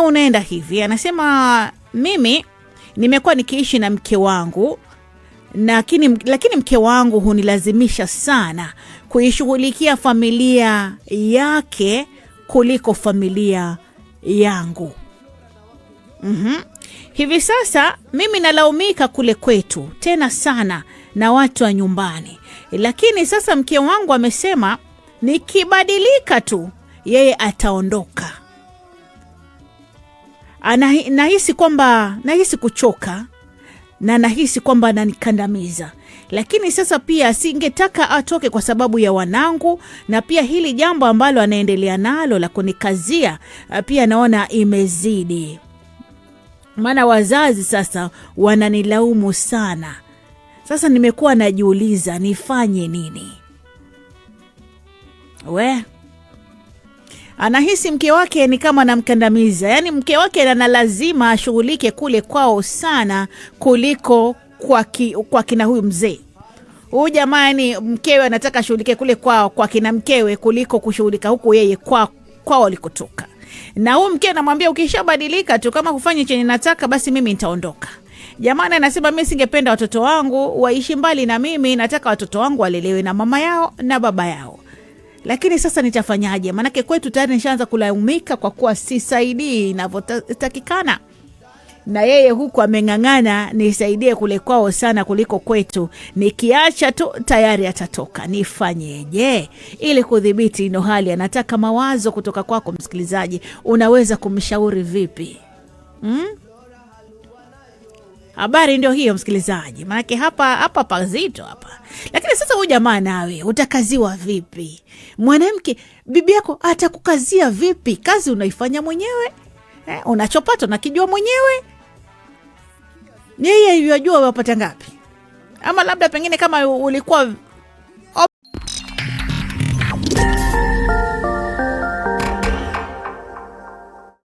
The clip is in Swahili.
unaenda hivi, anasema mimi nimekuwa nikiishi na mke wangu lakini, lakini mke wangu hunilazimisha sana kuishughulikia familia yake kuliko familia yangu. Mm-hmm. Hivi sasa mimi nalaumika kule kwetu tena sana na watu wa nyumbani, lakini sasa mke wangu amesema nikibadilika tu yeye ataondoka. Anahi, ah, nahisi kwamba nahisi kuchoka na nahisi kwamba ananikandamiza, lakini sasa pia singetaka atoke kwa sababu ya wanangu, na pia hili jambo ambalo anaendelea nalo la kunikazia ah, pia naona imezidi, maana wazazi sasa wananilaumu sana. Sasa nimekuwa najiuliza nifanye nini we anahisi mke wake ni kama anamkandamiza, yaani mke wake ana lazima ashughulike kule kwao sana kuliko kwa, ki, kwa kina huyu mzee huyu. Jamani, mkewe anataka ashughulike kule kwao kwa kina mkewe kuliko kushughulika huku yeye kwao kwa walikotoka. Na huyu mkewe anamwambia ukishabadilika tu, kama kufanya chenye nataka, basi mimi nitaondoka. Jamani, anasema mi singependa watoto wangu waishi mbali na mimi, nataka watoto wangu walelewe na mama yao na baba yao lakini sasa nitafanyaje? Maanake kwetu tayari nishaanza kulaumika kwa kuwa sisaidii inavyotakikana na yeye huku ameng'ang'ana, nisaidie kule kwao sana kuliko kwetu. Nikiacha tu tayari atatoka. Nifanyeje ili kudhibiti ino hali? Anataka mawazo kutoka kwako msikilizaji, unaweza kumshauri vipi? hmm? Habari ndio hiyo msikilizaji, maanake hapa hapa pazito hapa. Lakini sasa huyu jamaa, nawe utakaziwa vipi? Mwanamke bibi yako atakukazia vipi? Kazi unaifanya mwenyewe eh, unachopata unakijua mwenyewe, yeye yajua wapata ngapi? Ama labda pengine kama ulikuwa